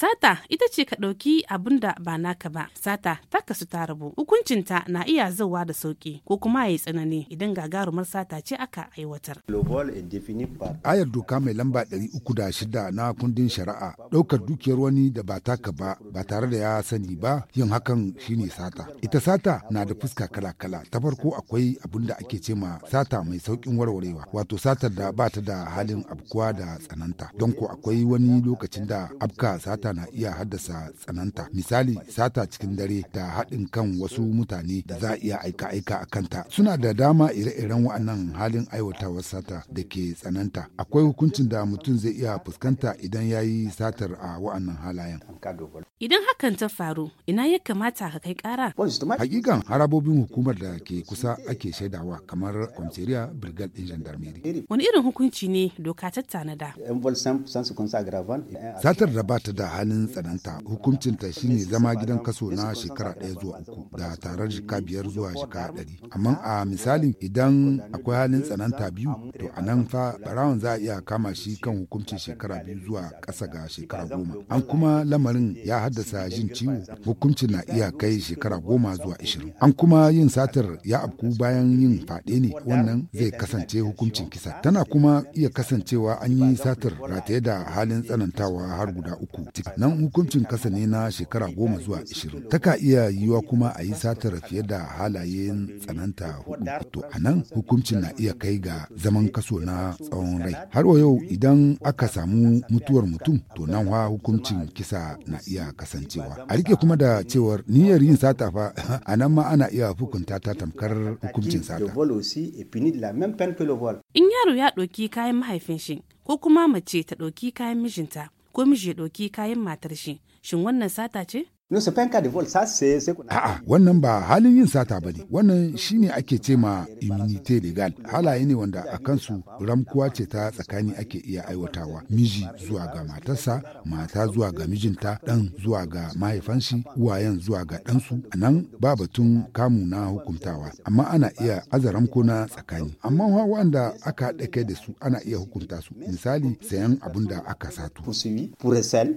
Sata ita ce ka ɗauki abin da ba naka ba. Sata ta kasu ta rabu. Hukuncinta na iya zauwa da sauki ko kuma ya yi tsanani idan gagarumar sata ce aka aiwatar. Ayar doka mai lamba ɗari uku da shida na kundin shari'a ɗaukar dukiyar wani da ba ka ba ba tare da ya sani ba yin hakan shine sata. Ita sata na da fuska kala-kala. Ta farko akwai abin da ake ce ma sata mai saukin warwarewa wato satar da ba ta da halin abkuwa da tsananta. Don ko akwai wani lokacin da abka sata sata na iya haddasa tsananta misali sata cikin dare da haɗin kan wasu mutane da za a iya aika-aika a kanta suna da dama ire-iren waɗannan halin aiwatawar sata da ke tsananta akwai hukuncin da mutum zai iya fuskanta idan ya yi satar a wa'annan halayen idan hakan ta faru ina ya kamata ka kai kara hakikan harabobin hukumar da ke kusa ake shaidawa kamar kwamseriya brigade din gendarmerie wani irin hukunci ne doka ta tanada satar da ba ta da halin tsananta hukuncinta shine zama gidan kaso na shekara ɗaya zuwa uku da tarar jika biyar zuwa shekara ɗari amma a misalin idan akwai halin tsananta biyu to a nan fa barawan za a iya kama shi kan hukuncin shekara biyu zuwa ƙasa ga shekara goma an kuma lamarin ya haddasa jin ciwo hukuncin na iya kai shekara goma zuwa ishirin an kuma yin satar ya afku bayan yin faɗe ne wannan zai kasance hukuncin kisa tana kuma iya kasancewa an yi satar rataye da halin tsanantawa har guda uku nan hukuncin kasa ne na shekara goma zuwa ishirin ta ka iya yiwa kuma a yi satar fiye da halayen tsananta hudu to a nan hukuncin na iya kai ga zaman kaso na tsawon rai har wa yau idan aka samu mutuwar mutum to nan wa hukuncin kisa na iya kasancewa a rike kuma da cewar niyyar yin sata fa a nan ma ana iya hukunta ta tamkar hukuncin sata in yaro ya ɗauki kayan mahaifin shi ko kuma mace ta ɗauki kayan mijinta ko shi ya ɗauki kayan matar shi shin wannan sata ce No, A'a, wannan ba halin yin sata ba ne, wannan shine ake ce ma immunité legal. Halaye ne wanda a kansu ramkuwa ce ta tsakani ake iya aiwatawa. Miji zuwa ga matarsa, mata zuwa ga mijinta, dan zuwa ga mahaifanshi, uwayen zuwa ga ɗansu. A nan ba batun kamu na hukuntawa, amma ana iya aza ramko na tsakani. Amma wanda aka haɗa da su ana iya hukunta su, misali sayan abin da aka sato.